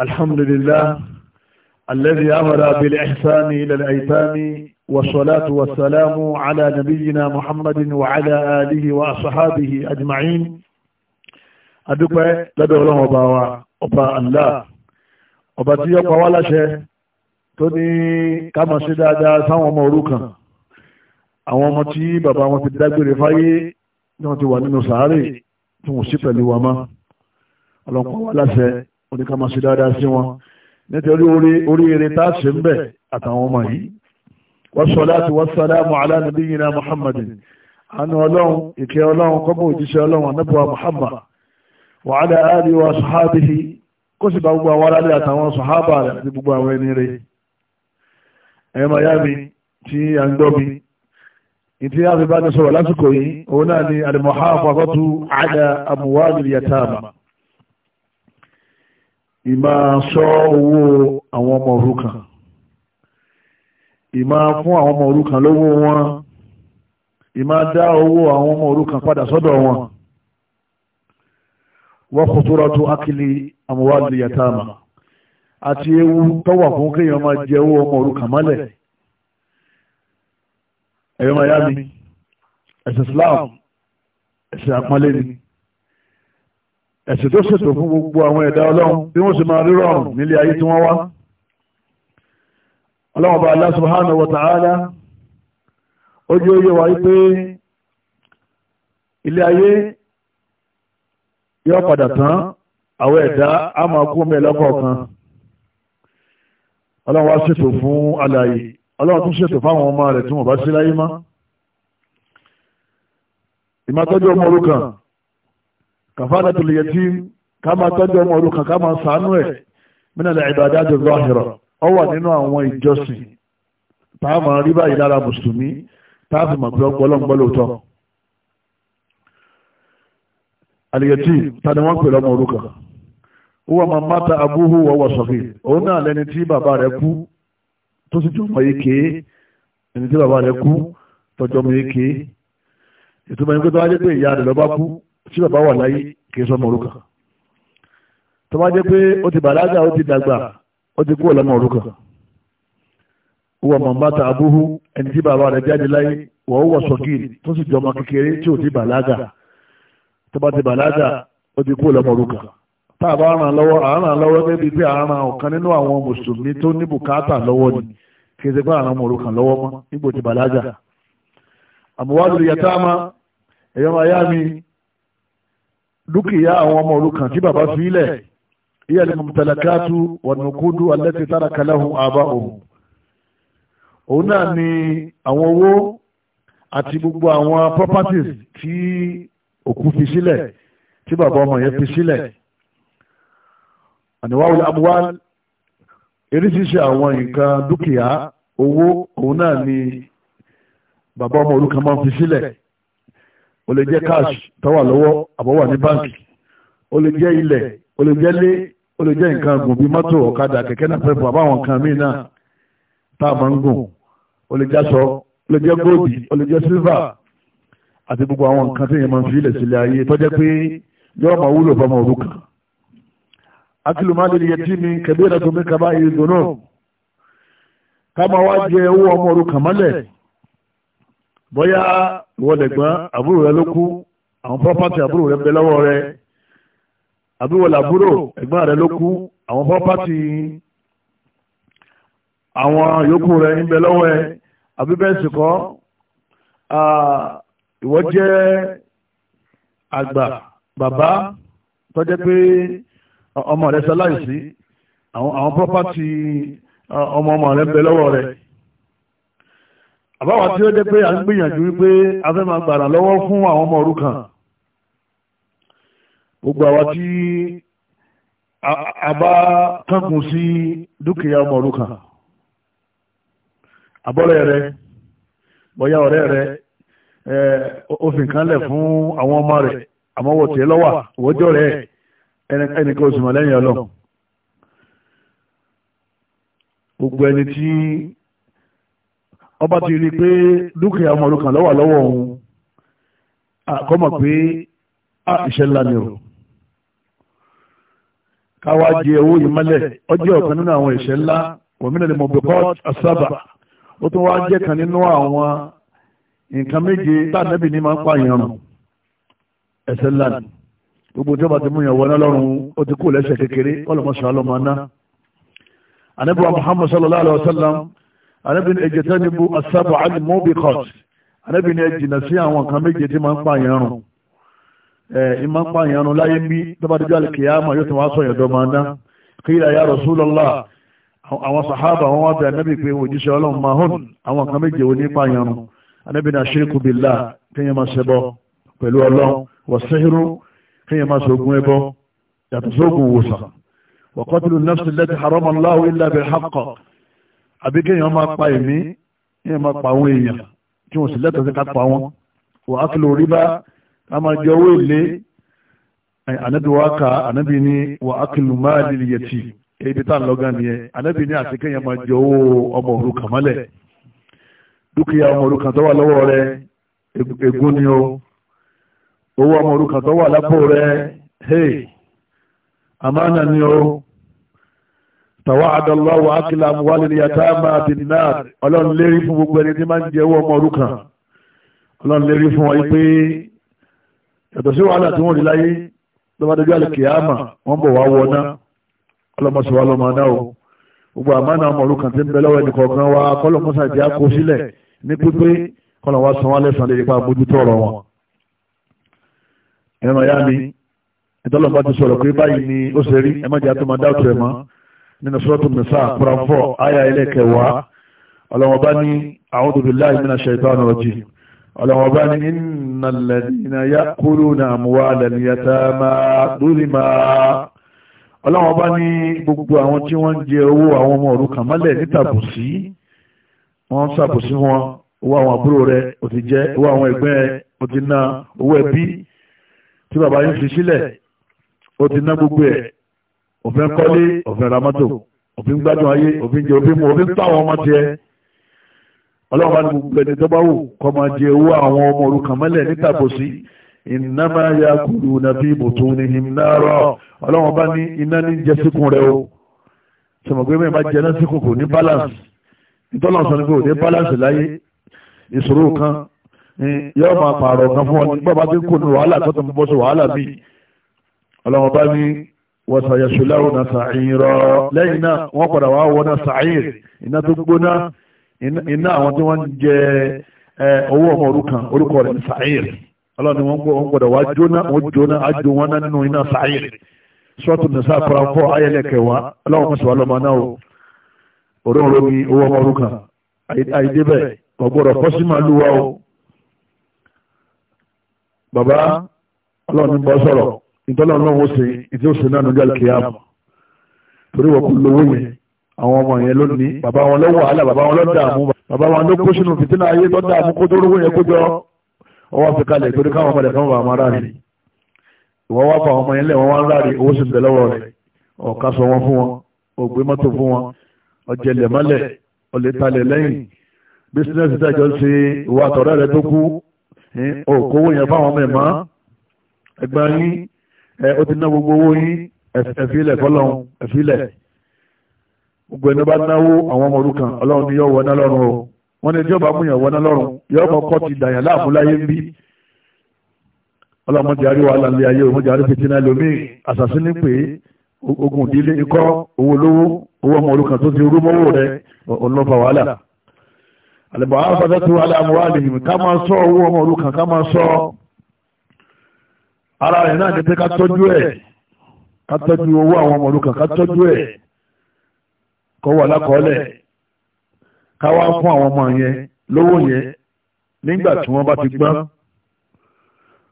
الحمد لله الذي أمر بالإحسان إلى الأيتام والصلاة والسلام على نبينا محمد وعلى آله وأصحابه أجمعين أدوبة لدو الله وباوا أبا الله أبا تيوبا ولا شيء توني كما سيدادا سوى موروكا àwọn ọmọ tí bàbá wọn ti dágbére fáyé tí wọ́n ti wà nínú sàárè tí wọ́n oníkà máa ṣe dáadáa sí wọn nítorí oríire tá a ṣe ń bẹ̀ àtàwọn ọmọ yìí wasalaatu wasalaamu ala nabiyina muhammadin anu ọlọ́run ìkẹ́ ọlọ́run kọ́mọ̀ òjíṣẹ́ ọlọ́run anábọ̀ muhammad wa ala ali wa sahabihi kó sì bá gbogbo àwọn aráàlú àtàwọn sahaba àti gbogbo àwọn ẹni rẹ̀ ẹ̀yẹ́ miami tí a ń gbọ́ mi ìtí a bá ní sọ̀rọ̀ lásìkò yìí òun náà ni al ìmá sọ owó àwọn ọmọ òrukàn ìmá fún àwọn ọmọ òrukàn lówó wọn ìmá dá owó àwọn ọmọ òrukàn padà sọ́dọ̀ wọn wọ́n kò tóra tó akílì àmúwálì yàtàmà àti ewu tọ́wà fún kéèyàn máa jẹ owó ọmọ òrukàn mọ́lẹ̀ ẹ̀yọ́ miami ẹ̀sìn Islam ẹ̀sìn àpọ́nlé ni ẹ̀sìn tó ṣètò fún gbogbo àwọn ẹ̀dá ọlọ́run bí wọ́n sì máa rí rọrùn nílé ayé tí wọ́n wá ọlọ́run bá Allah subhanahu wa ta'ala ó jẹ́ òye wa ilé ayé yóò padà tán àwọn ẹ̀dá á máa kú mẹ́ lọ́kọ̀ọ̀kan ọlọ́run wá ṣètò fún alààyè ọlọ́run tún ṣètò fáwọn ọmọ rẹ̀ tí wọ́n bá sí láyé mọ́ ìmọ̀tọ́jú ọmọ orúkàn kàfàdà tó lè yẹ tí ká máa tọ́jú ọmọ òrukàn ká máa sàánú ẹ̀ mínàlẹ̀ ìbàdá tó zọ́hìrọ̀ ọ wà nínú àwọn ìjọsìn tá a máa rí báyìí lára mùsùlùmí tá a fi mọ̀ pé ọgbọ́lọ́gbọ́ lóòótọ́ àlìyẹtì ta ni wọ́n pè lọ́mọ òrukàn wọ́n máa máta abúhù wọ́n wọ̀ sọ̀fì òun náà lẹni tí bàbá rẹ̀ kú tó sì jọmọ ike ẹni tí bàbá rẹ̀ kú tọjọmọ ike ìtumọ̀ ẹni pé tó wáyé pé ìyá rẹ̀ lọ́ kú tí bàbá wà láyé kì í sọmọ òrukàn tó bá jẹ́ pé ó ti bàlágà ó ti dàgbà ó ti kúrò lọ́mọ òrukàn wọ́n mọ̀ bá ta abúhú ẹni tí bàbá rẹ̀ jáde láyé wọ́n wọ̀ sọ́kìrì tó sì jọmọ kékeré tí ò ti bàlágà tó bá ti bàlágà ó ti kúrò lọ́mọ òrukàn tá a bá ràn lọ́wọ́ àáràn lọ́wọ́ bẹ́bí pé àáràn ọ̀kan nínú àwọn mùsùlùmí tó ní bùkátà lọ́wọ́ ni kì í ṣe pé àáràn ọmọ lọ́wọ́ mọ́ nígbò ti bàlágà àmúwádùú yàtá máa ẹ̀yọ́ máa yá mi dúkìá àwọn ọmọ òrukàn tí bàbá fi ilẹ̀ iye alimọ̀tàlákàtú wọnùkúdú alẹ́tì tára kaláhùn àbá òun òun náà ni àwọn owó àti gbogbo àwọn properties tí òkú fi sílẹ̀ tí bàbá ọmọ yẹn fi sílẹ̀ àníwáwò amúwá eréṣiṣẹ́ àwọn nǹkan dúkìá owó òun náà ni bàbá ọmọ òrukàn máa fi sílẹ̀ ó lè jẹ́ cash tó wà lọ́wọ́ àbọ̀wà ní báńkì ó lè jẹ́ ilẹ̀ ó lè jẹ́ lé ó lè jẹ́ nǹkan gùn bíi mọ́tò ọ̀kadà kẹ̀kẹ́ náà pẹ̀fọ̀ àbáwọn nǹkan míì náà tá a máa ń gùn ó lè jásọ ó lè jẹ́ góòdì ó lè jẹ́ sílvà àti gbogbo àwọn nǹkan tí èèyàn máa ń fi ilẹ̀ sílẹ̀ ayé tó pé yọ́ọ́ máa wúlò fọmọ òrukàn. akílù máa lè yẹ tí mi kẹ̀bí ẹ̀dá mi kaba ìdùnnú ká máa wá jẹ owó ọmọ òrukàn mọ́lẹ̀ bóyá ìwọ́dẹ̀gbọ́n àbúrò rẹ ló kú àwọn pọ́pátì àbúrò rẹ bẹ lọ́wọ́ rẹ àbíwọ̀lẹ̀ àbúrò ẹ̀gbọ́n rẹ ló kú àwọn pọ́pátì àwọn yòókù rẹ ń bẹ lọ́wọ́ ẹ àbíbẹ́sì ìwọ jẹ́ àgbà bàbá tó pé ọmọ rẹ ṣaláìsí àwọn pọ́pátì ọmọ ọmọ rẹ ń bẹ lọ́wọ́ rẹ. àbáwá tí ó jẹ́ pé a ń gbìyànjú wípé a fẹ́ máa gbàrà lọ́wọ́ fún àwọn ọmọ òrukàn gbogbo àwa tí a bá kankun sí dúkìá ọmọ òrukàn àbọ̀rẹ́ rẹ bóyá ọ̀rẹ́ rẹ òfin kan fún àwọn ọmọ rẹ̀ àmọ́ wọ́n tiẹ̀ lọ́wà wọ́jọ́ rẹ̀ ẹnìkan oṣù mọ̀ lẹ́yìn gbogbo ẹni tí ọba ti rí i pé dúkìá ọmọ olùkàn lọ́wọ́ lọ́wọ́ òun àkọ́mọ̀ pé a iṣẹ́ ńlá ni o káwá jẹ owó yìí mọ́lẹ̀ ọjọ́ ọ̀kan nínú àwọn iṣẹ́ ńlá wọ̀mínà lè mọ̀ bí port asaba ó tún wá jẹ́ kan nínú àwọn nǹkan méje tánàbì ní máa ń pààyàn rùn ẹ̀ṣẹ̀ ńlá ni gbogbo tí ọba ti mú yàn wọná lọ́rùn ó ti kú lẹ́sẹ̀ kékeré ọlọ́mọṣọ́ ọlọ́mọ aná ànábì wa sallallahu alayhi wa sallam anábì ní ẹjẹ tẹ́ni bu asábà àti mọ́bì kọ́t anábì ní ẹjìnà sí àwọn nǹkan méje tí máa ń pààyàn rùn ẹ ẹ máa ń pààyàn rùn láyé bí tọ́badíjú àlùkìyàmà yóò tún wá sọ ìyàdọ́ máa ná kíyà ya Rasulullah àwọn sàhábà wọn wá bẹ anábì pé òjíṣẹ́ ọlọ́run máa hùn àwọn nǹkan méje wo ní pààyàn rùn anábì ní aṣíríkù billah kéèyàn máa ṣẹbọ pẹ̀lú ọlọ́run wọ sẹ́hìrú kéèyàn máa ṣoògùn ẹbọ yàtọ̀ sóògùn wòsàn wa qatlu nafsi allati harama Allahu illa bil àbí kéèyàn máa pa èmi kéèyàn máa pa àwọn èèyàn tí wọ́n sì lẹ́tọ̀ọ́ sí ká pa wọn wà á kìlọ̀ rí bá ká máa jẹ owó èlé ànábì wa kà ànábì ní wà á kìlọ̀ máa lè yẹtì ibi tá à ń lọ́gán nìyẹn ànábì ní àti kéèyàn máa jẹ owó ọmọ òrukàn mọ́lẹ̀ dúkìá ọmọ òrukàn tó wà lọ́wọ́ rẹ ègún ni o owó ọmọ òrukàn tó wà lápò rẹ hey àmánà ni o tàwáàdà lọ́wọ́ akílà wálé yàtàmà àti náà ọlọ́run lérí fún gbogbo ẹni tí máa ń jẹ owó ọmọ òrukàn ọlọ́run lérí fún wọn pé yàtọ̀ sí wàhálà tí wọ́n rí láyé lọ́wọ́dájú àlùkìyàmà wọ́n bọ̀ wá wọná ọlọ́mọṣẹ́wá lọ́mọ náà o gbogbo àmánà ọmọ òrukàn tí ń bẹ lọ́wọ́ ẹnìkọ̀ọ̀kan wa kọ́lọ́mọṣà ti á kó sílẹ̀ ní pípé kọ́lọ́ nínú sọ́tún nìsá quran 4 aya ilẹ̀ kẹwàá ọlọ́wọ́ bá ní a'udhu billahi minash shaitani rajim ọlọ́wọ́ bá ní innal ladhina ya'kuluna amwalal yatama dhulma ọlọ́wọ́ bá ní gbogbo àwọn tí wọ́n ń jẹ owó àwọn ọmọ òrukàn mọ́lẹ̀ nítàbùsí wọ́n gbogbo òfin kọ́lé òfin ramato òfin gbádùn ayé òfin jẹ òfin mu òfin tó àwọn ọmọ jẹ ọlọ́run bá ní gbogbo ẹni tó bá wù kọ́ máa jẹ owó àwọn ọmọ òrukàn mẹ́lẹ̀ nítàbọ̀sí ìnáma ya kúrú nàbí ìbùtún ní ìnáàrọ̀ ọlọ́run bá ní iná ní jẹ síkùn rẹ o sọmọgbé mẹ́rin bá jẹ náà síkùn kò ní balance ìtọ́lọ̀ sọ ní pé ní balance láyé ìṣòro kan yóò máa pààrọ̀ kan fún ọ ní bọ́ba tí kò ní wàhálà tó tó ń bọ́ sí wàhálà míì ọlọ́run bá ní wọ́sàyẹ̀ṣùláwò na sàáyìnrọ̀ lẹ́yìn náà wọ́n padà wá wọ́n náà sàáyìnrì iná tó gbóná iná àwọn tí wọ́n ń jẹ owó ọmọ òrukàn orúkọ rẹ̀ sàáyìnrì ọlọ́ni wọ́n padà wá jóná nìsá àkọ́ràfọ́ ayẹlẹ́kẹ̀wá ọlọ́run mọ̀sọ̀ ọlọ́mọ náà òróǹro owó ọmọ òrukàn àìdébẹ̀ ọ̀gbọ́dọ̀ fọ́sí máa lúwa o bọ́ sọ̀rọ̀ ìtọ́lọ̀ náà wọ́n ṣe ìdí òṣèlú náà níjọ́ àlùkìyàmù torí wọ́n kú lówó yẹn àwọn ọmọ yẹn lónìí bàbá wọn lọ́wọ́ àlà bàbá wọn lọ́dààmú bàbá wọn ló kó sínú fìtínà ayé tó dààmú kó tó rówó yẹn kó jọ ọwọ́ fi kalẹ̀ torí káwọn ọmọdé kan wà máa ráre ìwọ́ wá fa ọmọ yẹn lẹ̀ wọ́n wá ń ráre owó sì ń bẹ̀ lọ́wọ́ rẹ̀ ọ̀ka sọ wọn fún wọn ògbé fún wọn ọ̀jẹ̀lẹ̀ ó ti ná gbogbo owó yín ẹ̀fílẹ̀ fọlọ́run ẹ̀fílẹ̀ gbogbo ẹni bá náwó àwọn ọmọ òrukàn ọlọ́run ni yóò wọná lọ́rùn o wọ́n ní ìjọba múyàn wọná lọ́rùn yóò kọ́kọ́ ti dàyàn láàmúláyé ń bí ọlọ́mọdé àríwá alàlẹ́ ayé òmọdé àrí fìtínà lómi àṣàṣí ní pé ogun ìdílé ikọ́ owó lówó owó ọmọ òrukàn tó ti rú mọ́wó rẹ̀ ọlọ́fà wàhálà àlẹ́bọ̀ àwọn afẹ́fẹ́ tó wà láàmú wà ara rẹ̀ náà ni pé ká tọ́jú ẹ̀ ká tọ́jú owó àwọn ọmọ òrukàn ká tọ́jú ẹ̀ kó wà lákọọ́lẹ̀ ká wá fún àwọn ọmọ yẹn lówó yẹn nígbà tí wọ́n bá ti gbọ́n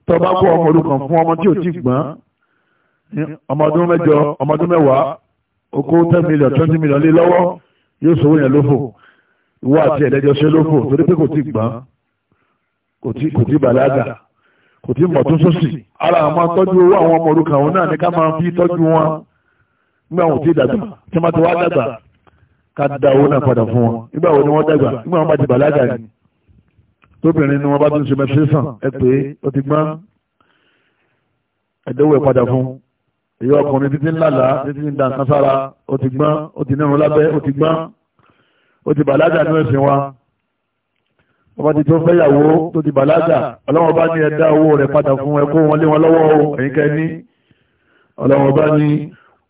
tó bá kó ọmọ òrukàn fún ọmọ tí ò ti gbọ́n ọmọ ọdún mẹ́jọ ọmọ ọdún mẹ́wàá okó ten million twenty million lé lọ́wọ́ yóò sọ owó yẹn lófò ìwọ àti ẹ̀lẹ́jọ́ ṣe lófò torí pé kò ti gbọ́n kò ti bàlágà kò tí mọ̀ tó sọ́sì ara àwọn máa tọ́jú owó àwọn ọmọ òrukàn òun náà ní ká máa fi tọ́jú wọn nígbà wọn ò tí dàgbà tí wọ́n ti wá dàgbà ká da owó náà padà fún wọn nígbà wo ni wọ́n dàgbà nígbà wọn bá ti bàlágà ni tóbìnrin ni wọ́n bá tún ṣe mẹ́sẹ̀sán ẹ pé ó ti gbọ́n ẹ̀dẹ́wọ̀ ẹ̀ padà fún èyí ọkùnrin títí ńlá là títí ń da nǹkan sára ó ti gbọ́n ó ti nírun lábẹ́ ó ti gbọ́n ó ti bàlágà ní ẹ̀sìn wa ọba ti tó fẹ́yàwó tó ti bàlágà ọlọ́wọ́n bá ní ẹ̀dá owó rẹ̀ padà fún ẹkọ́ wọn lé wọn lọ́wọ́ ẹ̀yìn kẹ́ni bá ní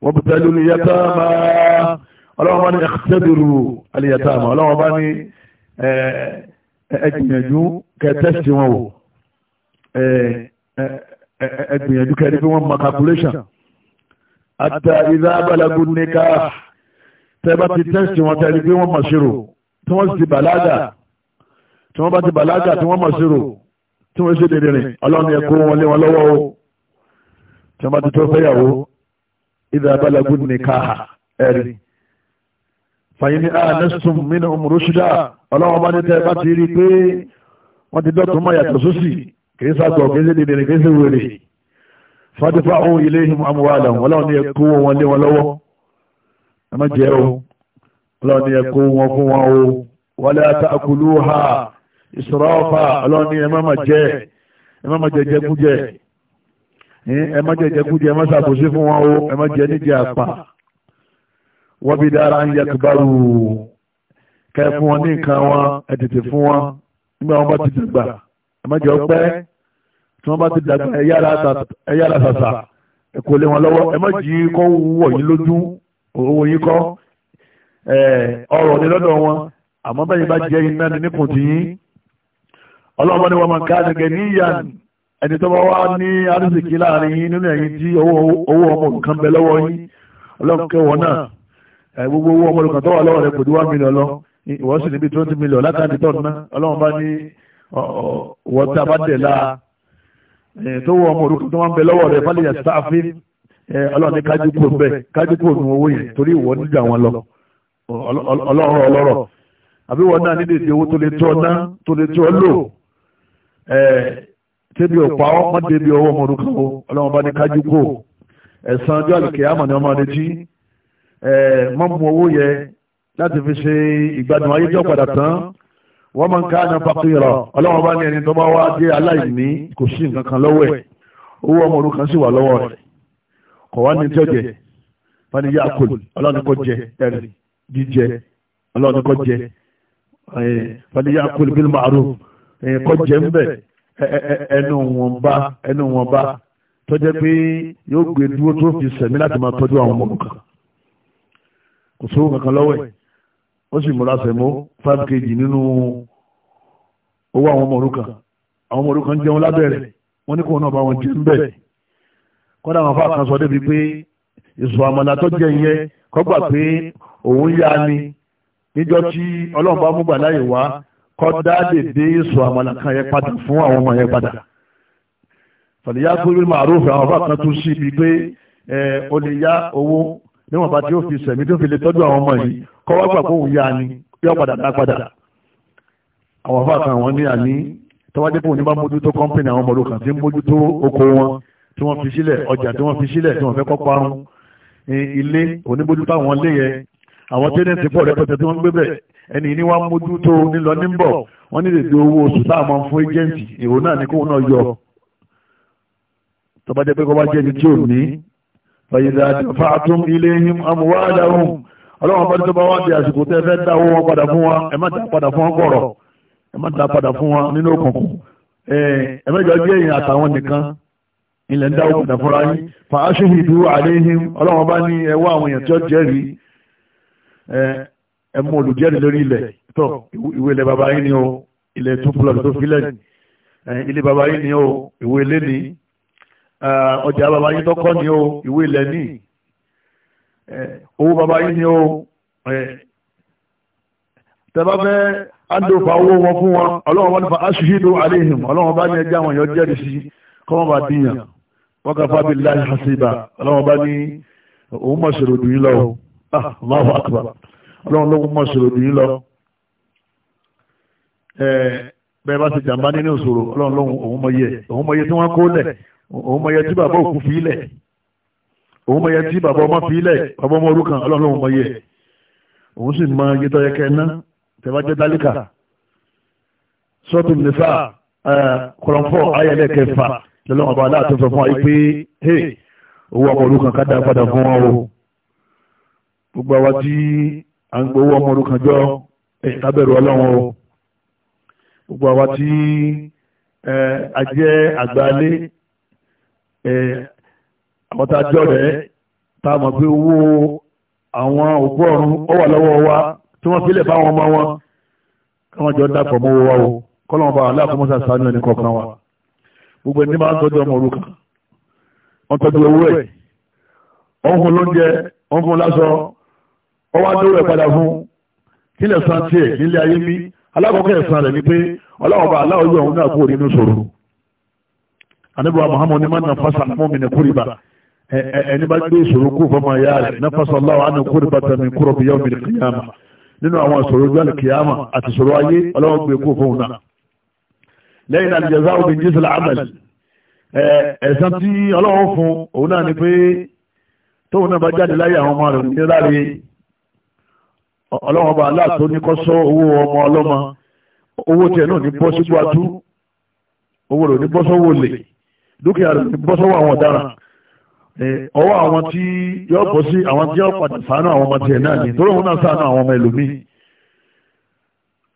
wọ́n bí tẹ́lú ní yàtá máa bá ní ẹ̀kẹ́dùrù alìyàtá máa bá ní ẹgbìyànjú kẹtẹ́sì wọn wò ẹgbìyànjú kẹrí pé wọ́n mọ calculation àtà ìdá abalagu nìka tẹ́ bá ti tẹ́sì wọn tẹ́lí pé wọ́n mọ̀ ṣirò tí wọ́n bá ti bàlágà tí wọ́n mọ̀ sírò tí wọ́n ṣe dèrè rìn ọlọ́run yẹ kó wọn lé wọn lọ́wọ́ o tí wọ́n bá ti tó fẹ́yàwó ìdá abalagun ní káà ẹ̀rí. fàyínní anastum mina umurushida ọlọ́run bá ní tẹ́ bá ti rí i pé wọ́n ti dọ́tun mọ́ yàtọ̀ sósì kì í sàtọ̀ kì í ṣe dèrè rìn kì í ṣe wèrè. fàtífà òun ilé ìhìn amúhàlà ìsọ̀rọ̀fà ọlọ́run ní ẹ má máa jẹ ẹ má máa jẹ jẹkújẹ ẹ má jẹ jẹkújẹ ẹ má ṣàbòsí fún wọn o ẹ má jẹ níjẹ àpà wọ́n bí dára ń yàtúbárù kẹ́ fún wọn ní nǹkan wọn ẹ tètè fún wọn nígbà wọn bá ti dàgbà ẹ má jẹ ọpẹ́ tí wọ́n bá ti dàgbà ẹ yára sàṣà ẹ kò lé wọn lọ́wọ́ ẹ má jí kọ́ wọ̀ yín lójú owó yín kọ́ ọ̀rọ̀ ní lọ́dọ̀ wọn àmọ́ bẹ́yìn bá jẹ́ iná ní nípò tí yín ọlọ́run ni wọ́n máa ká nìkẹ́ níyàn ẹni tó bá wá ní arísìkí láàrin yín nínú ẹ̀yìn tí owó ọmọ kan bẹ lọ́wọ́ yín ọlọ́run kẹwọ́n náà gbogbo owó ọmọ kan tó wà lọ́wọ́ rẹ̀ kò ju one million lọ ìwọ́n sì níbi twenty million látàdí tọ́nu náà ọlọ́run bá ní wọ́n tí a bá tẹ̀ láà tó wọ ọmọ orúkọ tó máa ń bẹ lọ́wọ́ rẹ̀ fálẹ̀ yẹn torí ìwọ tẹ́bi ọ̀pá ọmọdé bí ọwọ́ o ọlọ́run bá ní kájú kò ẹ̀sán ọjọ́ àlùkẹ́ àmọ̀ ní ọmọ retí mọ́mú owó yẹ láti fi ṣe ìgbádùn ayé jọ padà tán wọ́n máa ń ká àná fàkìrọ̀ ọlọ́run bá ní ẹni tó bá wá dé aláìní kò sí nǹkan kan lọ́wọ́ ẹ̀ owó ọmọdúnkan sì wà lọ́wọ́ rẹ̀ kọ̀ wá ní jọ́jẹ̀ faniyá akol ọlọ́run kọ́ jẹ ẹ̀rì jíjẹ ọlọ́run kọ́ jẹ faniyá akol bil ma'ruf kọjẹ ń bẹ̀ ẹnu wọn bá ẹnu wọn bá tọ́jẹ́ pé yóò gbé dúró tó fi sẹ̀mí láti máa tọ́jú àwọn ọmọ kan kò sówó kankan lọ́wọ́ ẹ̀ ó sì múra sẹ̀mó five kg nínú owó àwọn ọmọ òrukàn àwọn ọmọ òrukàn jẹun lábẹ́rẹ̀ wọ́n ní kò náà bá wọn jẹun bẹ́ẹ̀ kọ́dà àwọn afá kan sọ débi pé èso àmàlà tó jẹ ìyẹn kọ́gbà pé òun yá ni níjọ́ tí ọlọ́run bá mú gbà láyè wá kọ́dá dèdè sọ àmàlà kan yẹn padà fún àwọn ọmọ yẹn padà fàlìyá kúrú màrúfù àwọn bá kan tún sí ibi pé o lè yá owó níwọ̀n bá tí ó fi sẹ̀mí tó fi lè tọ́jú àwọn ọmọ yìí kọ́ wá gbà kóhùn yá ni yọ padà dá padà àwọn bá kan àwọn ní àní tọ́wájẹ́ kóhùn ní bá mójútó kọ́ńpìnì àwọn ọmọdé kan tí ń mójútó oko wọn tí wọ́n fi sílẹ̀ ọjà tí wọ́n fi sílẹ̀ tí wọ́n fẹ́ kọ́ parun ilé oníbójútó àwọn ilé yẹn àwọn tẹ́lẹ̀ ti pọ̀ rẹpẹtẹ tí wọ́n gbé bẹ́ẹ̀ ẹni ní wá mójú tó nílọ níbọ̀ wọ́n ní lèdè owó oṣù táwọn fún ẹjẹ́ǹtì èrò náà ní kóun náà yọ tó bá jẹ́ pé kó bá jẹ́ ẹni tí ò ní fàyídà fàtún ilé yín amúwádàhùn ọlọ́wọ́n bá ní tó bá wá di àsìkò tẹ́ fẹ́ dá owó wọn padà fún wa ẹ má dá padà fún wọn kọ̀rọ̀ ẹ má dá padà fún wa nínú òkùnkùn ẹ mẹ́jọ jẹ́ èèyàn àtàwọn nìkan ilẹ̀ ń dá owó padà fúnra yín fàáṣíhìdú àléhìn ọlọ́wọ́n bá ní ẹwọ́ àwọn èèyàn tí ó jẹ́rìí ẹ mú olùjẹ́rìí lórí ilẹ̀ tọ́ ìwé ilẹ̀ bàbá yín ni o ilẹ̀ tó fúlọ̀ tó fílẹ̀ ilé bàbá yín ni o ìwé ilé ni ọjà bàbá yín tọ́kọ́ ni o ìwé ilẹ̀ ni owó bàbá yín ni o tẹ́bá fẹ́ àdófà owó wọn fún wọn ọlọ́run wọn fa aṣíṣídó aléhìn ọlọ́run bá ní ẹjá wọn yọ jẹ́rìí sí kọ́mọ́ bá dìyàn wọ́n kà fábí láì hasiba ọlọ́run bá ní òun mọ̀ dùn yín lọ́wọ́ ah, Allahu akbar ọlọ́run ló mọ̀ ṣòro jù yín lọ bẹ́ẹ̀ bá ti jàǹbá nínú ìṣòro ọlọ́run lóhun òun mọ̀yẹ òun mọ̀yẹ tí wọ́n kó lẹ̀ òun mọ̀yẹ tí bàbá òkú fi lẹ̀ òun mọ̀yẹ tí bàbá ọmọ fi lẹ̀ bàbá ọmọ orúkàn ọlọ́run lóhun mọ̀yẹ òun sì mọ iye tó yẹ kẹ́ ná tẹ́wá jẹ́ dálíkà sọ́tù nìfà kọ̀lọ̀fọ̀ ayẹlẹ̀ kẹfà lọ́lọ́run ọba aláàtọ̀ sọ fún wa pé owó ọmọ orúkàn ká padà fún wọn o gbogbo àwa tí à ń gbowó ọmọ orúkànjọ́ lábẹ̀rù ọlọ́run o gbogbo àwa tí a jẹ́ àgbáálé àwọn tá a jọ rẹ̀ tá a mọ̀ pé owó àwọn òkú ọ̀run ó wà lọ́wọ́ wa tí wọ́n fílẹ̀ fáwọn ọmọ wọn káwọn jọ dàpọ̀ mọ́ wa o kọ́lọ́mọba aláàkọ́mọ́sá sánú ẹni kọ̀ọ̀kan wa gbogbo ẹni máa ń tọ́jú ọmọ òrukàn wọ́n tọ́jú owó ẹ̀ ọ̀hún lóúnjẹ ọ̀hún lásọ ó wá dọ́wọ́ ẹ̀ padà fún kílẹ̀ san tiẹ̀ nílé ayé mi alákọ̀ọ́kọ́ ẹ̀san rẹ̀ ni pé ọlọ́wọ́ bá aláwọ̀ yọ òun náà kúrò nínú ṣòro anábíwá muhammad ní mọ́nà fásà mọ́mí ní kúrìbà ẹni bá gbé ìṣòro kú fọmọ ìyá rẹ̀ ní fásà aláwọ̀ á kúrìbà tẹ̀mí kúrò bí yọ̀ mìíràn kìyàmà nínú àwọn ìṣòro gbẹ́lì kìyàmà àti ìṣòro ayé ọlọ́wọ́ gbé kú ọlọ́run ọba aláàtó ní kọ́ sọ owó ọmọ ọlọ́mọ owó tiẹ̀ náà ní bọ́ sígbó atú owó rẹ̀ ní bọ́ sọ́wọ́ lè dúkìá rẹ̀ ní bọ́ sọ́wọ́ àwọn ọ̀daràn ọwọ́ àwọn tí yọ bọ́ sí àwọn tí yọ padà sànú àwọn ọmọ tiẹ̀ náà ní torí òun náà sànú àwọn ọmọ ẹlòmíì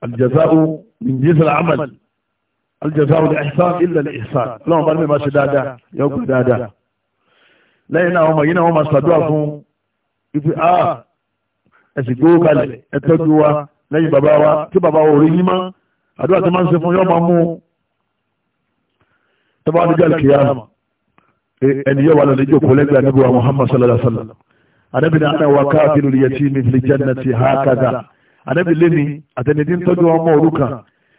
aljaza'u min jinsil amal aljaza'u li ihsan illa li ihsan bá ní mi ṣe dáadáa yọ gbé dáadáa lẹ́yìn náà ọmọ yìí náà wọ́n máa ṣàdúrà fún ipe ah ẹ̀sìn gbówó kalẹ̀ ẹ tọ́jú wa lẹ́yìn bàbá wa tí bàbá wa ò rí yín mọ́ àdúrà tó máa ń ṣe fún yọ́ máa mú tọ́ba adúgbò àlùkìyàmà ẹni yóò wà lọ́nà ìjókòó lẹ́gbẹ̀ẹ́ ànábì wa Muhammad sallallahu alaihi wa sallam ànábì náà ana wa kafilul yatimi fil jannati hakaza ànábì lẹ́mi àtẹnidí ń tọ́jú ọmọ òrukàn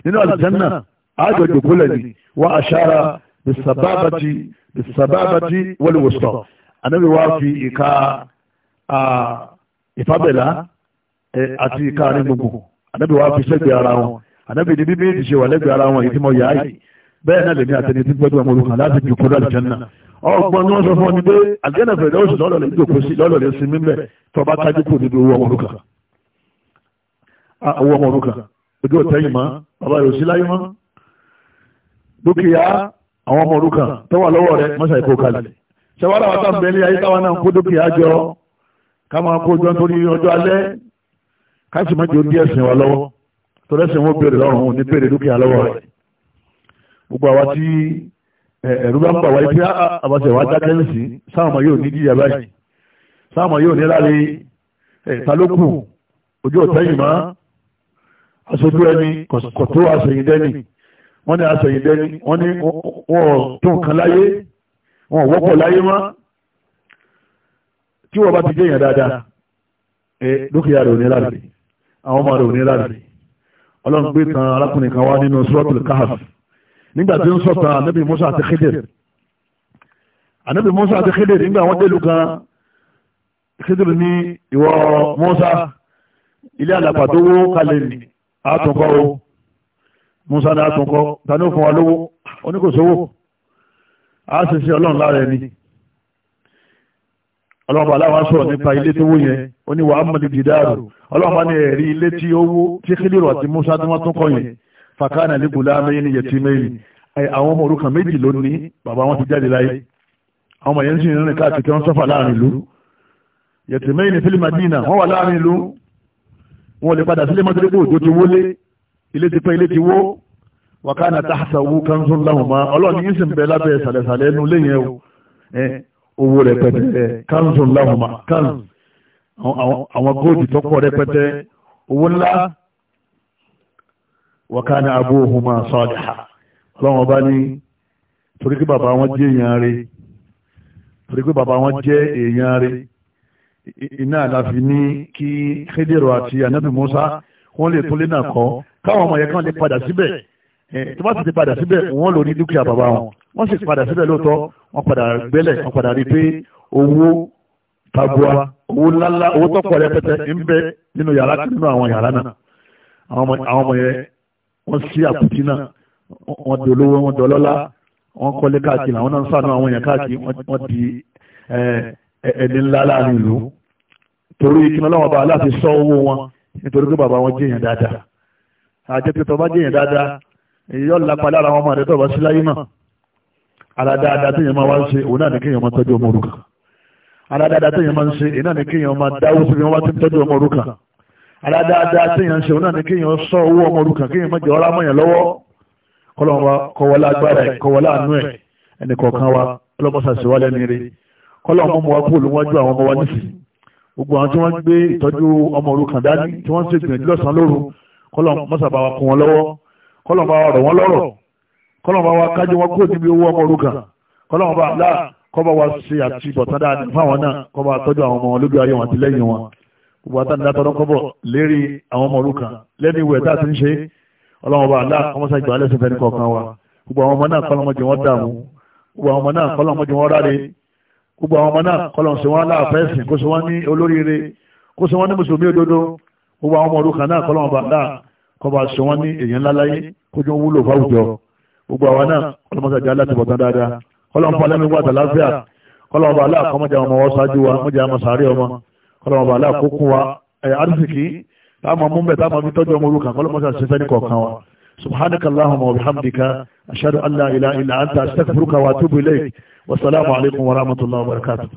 nínú àlùjánná àjọ ìjókòó lẹ́ni wa ashara bisababati bisababati wal wusta wa fi ìka ìfábẹ̀lá àti ìkáàrin gbogbo ànábì wa fi sẹ́gbẹ̀ẹ́ ara wọn ànábì ní bíbí ìdíje wà lẹ́gbẹ̀ẹ́ ara wọn ìdímọ̀ yá yìí bẹ́ẹ̀ náà lèmi àtẹni tí gbẹ́dọ̀ ọmọ olùkàn láti ju kúrò àlùjànnà ọgbọ́n ni wọ́n sọ fún ọ ní pé àlùjànnà fẹ̀rẹ̀ lọ́sùn lọ́lọ́ lè jòkó sí lọ́lọ́ lè sinmi mbẹ́ tó bá tájú kù nínú owó ọmọ olùkàn ah, owó ọmọ olùkàn ojú ọ̀tẹ́yìn mọ́ bàbá rẹ̀ ò sí láyé mọ́ dúkìá àwọn ọmọ olùkàn tó wà lọ́wọ́ rẹ̀ mọ́sà ìkó kalẹ̀ ṣẹwàá làwọn táwọn bẹ̀rẹ̀ ayé táwọn náà kó dúkìá jọ ká máa kójọ nítorí ọjọ́ alẹ́ ká sì má jẹ́ òdi ẹ̀sìn wa lọ́wọ́ torí ẹ̀sìn wọn béèrè lọ́rùn òun ní béèrè dúkìá lọ́wọ́ rẹ̀ gbogbo àwa tí ẹ̀rú bá ń bà wáyé pé ah, àbàṣẹ wa dákẹ́ nìsín sáwọn ọmọ yóò ní díyà báyìí sáwọn ọmọ yóò ní láre ta ló kù ojú mọ́ aṣojú ẹni kò tó aṣèyíndẹ́ni wọ́n ní aṣèyíndẹ́ni wọ́n ní wọ́n tó nǹkan láyé wọ́n wọ́pọ̀ láyé mọ́ tí wọ́n bá ti jẹ́yàn dáadáa dúkìá rẹ̀ ò ní láàrin àwọn ọmọ rẹ̀ ò ní láàrin ọlọ́run gbé tan arákùnrin kan wá nínú suratul kahf nígbà tí ń sọ̀tàn ànábì musa àti khidir ànábì musa àti khidir nígbà wọ́n délu kan khidir ní ìwọ musa ilé àlàpà kalẹ̀ ní àtúnkọ́ o musa ní àtúnkọ́ ta ó fún wa lówó oníkòsówó a sì ọlọ́run lára ẹni ọlọ́ọ̀bá aláwọ̀ sọ̀rọ̀ nípa ilé tó wó yẹn ó ní wàá mọ̀lì jìdáàrù ọlọ́ọ̀bá ní ẹ̀rí ilé tí ó wó tí kílírù àti musa tí wọ́n tún kọ́ yẹn fàkánà lẹ́gùn láàmẹ́yìn ní yẹtí mẹ́rin àwọn ọmọ òrukàn méjì lónìí bàbá wọn ti jáde láyé àwọn ọmọ yẹn ń sìn rìn káàkiri tí wọ́n sọ́fà láàrin ìlú yẹtí mẹ́rin fílímù adínà wọ́n wà láàrin ìlú wọn owó rẹpẹtẹ kanzu lahuma kanzu àwọn góòdì tó pọ̀ rẹpẹtẹ owó ńlá wakana abuhuma saliha ọlọ́wọ́n bá ní torí pé bàbá wọn jẹ́ èèyàn rẹ̀ torí pé bàbá wọn jẹ́ èèyàn rẹ̀ iná àlàfi ní kí Khediru àti anabi Musa wọ́n lè tó lé náà káwọn ọmọ yẹn kan lè padà síbẹ̀ Eh, tí wọ́n sì ti padà síbẹ̀ wọ́n lò ní dúkìá bàbá wọn wọ́n sì padà síbẹ̀ lóòótọ́ wọ́n padà gbẹ́lẹ̀ wọ́n padà rí pé owó tabua owó ńláńlá owó tọ́pọ̀ rẹpẹtẹ ń bẹ nínú yàrá nínú àwọn yàrá náà àwọn ọmọ yẹn wọ́n sí àpótí náà wọ́n di olówó wọ́n di ọlọ́lá wọ́n kọ́lé káàkiri àwọn náà ń sànú àwọn èèyàn káàkiri wọ́n di ẹni ńlá láàrin ìlú torí kí náà lọ́wọ́ bá aláàfin sọ owó wọn nítorí pé bàbá wọn jẹ́ èèyàn dáadáa àjẹpẹ́tọ̀ bá jẹ́ èèyàn dáadáa èyí ọ̀la palẹ́ ara wọn máa rẹ̀ tọ́ba sí láyé náà aládáadáa tó yẹn máa wá ń ṣe òun náà ní kéèyàn máa tọ́jú ọmọ òrukàn aládáadáa tó yẹn máa ń ṣe òun náà ní kéèyàn máa dáwó síbi wọn bá ti ń tọ́jú ọmọ òrukàn aládáadáa tó yẹn ń ṣe òun náà ní kéèyàn sọ owó ọmọ òrukàn kéèyàn máa jẹ ọ́rá mọ́yàn lọ́wọ́ kọ́lọ́mọba kọ́wọ́lá agbára ẹ̀ kọ́wọ́lá àánú ẹ̀ ẹnì kọ̀ọ̀kan wa ọlọ́mọsàsíwálẹ̀ kọ́lọ́mọba ọ̀rọ̀ wọn lọ́rọ̀ kọ́lọ́mọba wa kájú wọn kó níbi owó ọmọ òrukàn kọ́lọ́mọba Allah kọ́ba wa ṣe àti ìbọ̀tán dáadáa fáwọn náà kọ́ba tọ́jú àwọn ọmọ olóbi ayé wọn àti lẹ́yìn wọn gbogbo àtàndá tọ́dọ́ kọ́bọ̀ lérí àwọn ọmọ òrukàn lẹ́ni ìwẹ̀ tá a ti ń ṣe ọlọ́mọba Allah ọmọọṣà ìgbà lẹ́sìn fẹ́ni kọ̀ọ̀kan wa gbogbo àwọn ọmọ náà kọ́lọ́mọdé wọn dààmú gbogbo àwọn ọmọ náà kọ́lọ́mọdé wọn ráre gbogbo àwọn ọmọ náà kọ́lọ́mọdé wọn láàfẹ́sìn kó sọ wọn ní olóríire kó kọba ṣe wọ́n ní èèyàn láláyé kójú wúlò fáwùjọ gbogbo àwọn náà ọlọ́mọsàjà láti bọ̀tán dáadáa kọlọ́mọba lẹ́mìí wà tàlàáfíà kọlọ́mọba aláà kọmọjà ọmọ wọn ṣáájú wa mọjà ọmọ sàárẹ̀ ọmọ kọlọ́mọba aláà kókún wa arísìkí táwọn ọmọ mẹ́ta máa fi tọ́jú ọmọ olùkà kọlọ́mọsà ṣe fẹ́ni kọ̀ọ̀kan wa subhanaka allahumma wa bihamdika